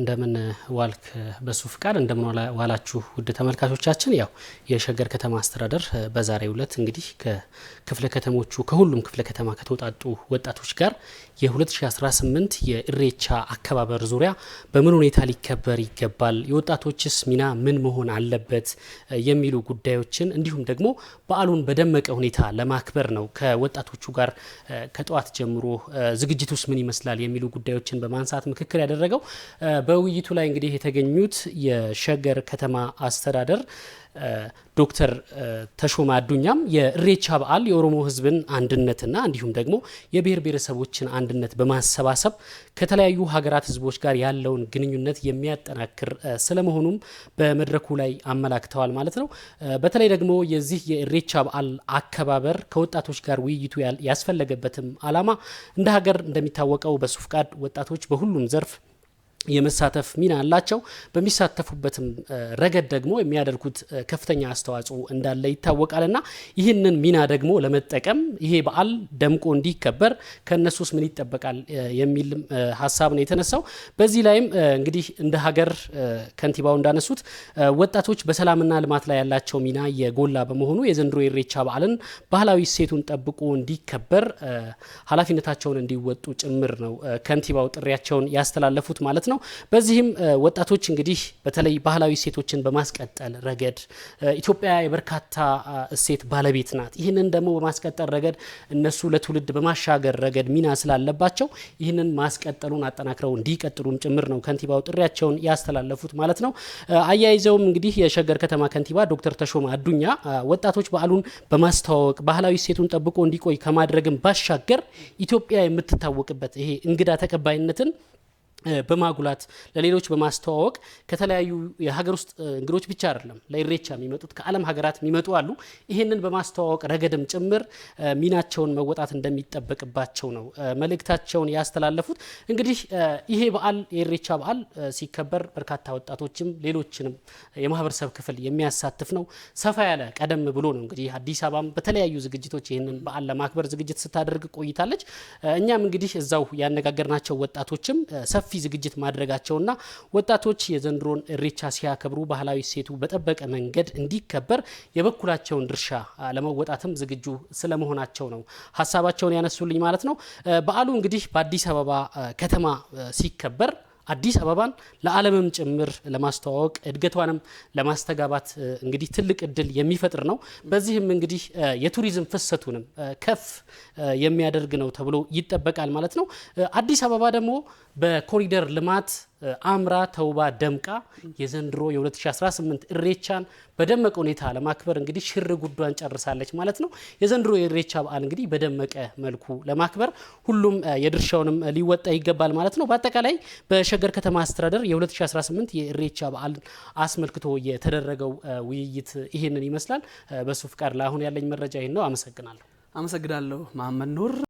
እንደምን ዋልክ በሱ ፍቃድ እንደምን ዋላችሁ ውድ ተመልካቾቻችን። ያው የሸገር ከተማ አስተዳደር በዛሬው ዕለት እንግዲህ ከክፍለ ከተሞቹ ከሁሉም ክፍለ ከተማ ከተውጣጡ ወጣቶች ጋር የ2018 የእሬቻ አከባበር ዙሪያ በምን ሁኔታ ሊከበር ይገባል፣ የወጣቶችስ ሚና ምን መሆን አለበት የሚሉ ጉዳዮችን እንዲሁም ደግሞ በዓሉን በደመቀ ሁኔታ ለማክበር ነው ከወጣቶቹ ጋር ከጠዋት ጀምሮ ዝግጅቱስ ምን ይመስላል የሚሉ ጉዳዮችን በማንሳት ምክክር ያደረገው በውይይቱ ላይ እንግዲህ የተገኙት የሸገር ከተማ አስተዳደር ዶክተር ተሾማ አዱኛም የእሬቻ በዓል የኦሮሞ ሕዝብን አንድነትና እንዲሁም ደግሞ የብሔር ብሔረሰቦችን አንድነት በማሰባሰብ ከተለያዩ ሀገራት ሕዝቦች ጋር ያለውን ግንኙነት የሚያጠናክር ስለመሆኑም በመድረኩ ላይ አመላክተዋል ማለት ነው። በተለይ ደግሞ የዚህ የእሬቻ በዓል አከባበር ከወጣቶች ጋር ውይይቱ ያስፈለገበትም ዓላማ እንደ ሀገር እንደሚታወቀው በሱፍቃድ ወጣቶች በሁሉም ዘርፍ የመሳተፍ ሚና አላቸው። በሚሳተፉበትም ረገድ ደግሞ የሚያደርጉት ከፍተኛ አስተዋጽኦ እንዳለ ይታወቃል እና ይህንን ሚና ደግሞ ለመጠቀም ይሄ በዓል ደምቆ እንዲከበር ውስጥ ምን ይጠበቃል የሚል ሀሳብ ነው የተነሳው። በዚህ ላይም እንግዲህ እንደ ሀገር ከንቲባው እንዳነሱት ወጣቶች በሰላምና ልማት ላይ ያላቸው ሚና የጎላ በመሆኑ የዘንድሮ የኢሬቻ በዓልን ባህላዊ እሴቱን ጠብቆ እንዲከበር ኃላፊነታቸውን እንዲወጡ ጭምር ነው ከንቲባው ጥሪያቸውን ያስተላለፉት ማለት ነው። ነው። በዚህም ወጣቶች እንግዲህ በተለይ ባህላዊ እሴቶችን በማስቀጠል ረገድ ኢትዮጵያ የበርካታ እሴት ባለቤት ናት። ይህንን ደግሞ በማስቀጠል ረገድ እነሱ ለትውልድ በማሻገር ረገድ ሚና ስላለባቸው ይህንን ማስቀጠሉን አጠናክረው እንዲቀጥሉም ጭምር ነው ከንቲባው ጥሪያቸውን ያስተላለፉት ማለት ነው። አያይዘውም እንግዲህ የሸገር ከተማ ከንቲባ ዶክተር ተሾመ አዱኛ ወጣቶች በዓሉን በማስተዋወቅ ባህላዊ እሴቱን ጠብቆ እንዲቆይ ከማድረግም ባሻገር ኢትዮጵያ የምትታወቅበት ይሄ እንግዳ ተቀባይነትን በማጉላት ለሌሎች በማስተዋወቅ ከተለያዩ የሀገር ውስጥ እንግዶች ብቻ አይደለም ለኢሬቻ የሚመጡት ከዓለም ሀገራት የሚመጡ አሉ። ይህንን በማስተዋወቅ ረገድም ጭምር ሚናቸውን መወጣት እንደሚጠበቅባቸው ነው መልእክታቸውን ያስተላለፉት። እንግዲህ ይሄ በዓል የኢሬቻ በዓል ሲከበር በርካታ ወጣቶችም ሌሎችንም የማህበረሰብ ክፍል የሚያሳትፍ ነው። ሰፋ ያለ ቀደም ብሎ ነው እንግዲህ አዲስ አበባም በተለያዩ ዝግጅቶች ይህንን በዓል ለማክበር ዝግጅት ስታደርግ ቆይታለች። እኛም እንግዲህ እዛው ያነጋገርናቸው ወጣቶችም ሰፊ ሰፊ ዝግጅት ማድረጋቸውና ወጣቶች የዘንድሮን እሬቻ ሲያከብሩ ባህላዊ ሴቱ በጠበቀ መንገድ እንዲከበር የበኩላቸውን ድርሻ ለመወጣትም ዝግጁ ስለመሆናቸው ነው ሀሳባቸውን ያነሱልኝ ማለት ነው። በዓሉ እንግዲህ በአዲስ አበባ ከተማ ሲከበር አዲስ አበባን ለዓለምም ጭምር ለማስተዋወቅ እድገቷንም ለማስተጋባት እንግዲህ ትልቅ እድል የሚፈጥር ነው። በዚህም እንግዲህ የቱሪዝም ፍሰቱንም ከፍ የሚያደርግ ነው ተብሎ ይጠበቃል ማለት ነው። አዲስ አበባ ደግሞ በኮሪደር ልማት አምራ ተውባ ደምቃ የዘንድሮ የ2018 እሬቻን በደመቀ ሁኔታ ለማክበር እንግዲህ ሽር ጉዷን ጨርሳለች ማለት ነው። የዘንድሮ የእሬቻ በዓል እንግዲህ በደመቀ መልኩ ለማክበር ሁሉም የድርሻውንም ሊወጣ ይገባል ማለት ነው። በአጠቃላይ በሸገር ከተማ አስተዳደር የ2018 የእሬቻ በዓል አስመልክቶ የተደረገው ውይይት ይህንን ይመስላል። በሱ ፍቃድ ለአሁን ያለኝ መረጃ ይህን ነው። አመሰግናለሁ። አመሰግናለሁ መሐመድ ኑር።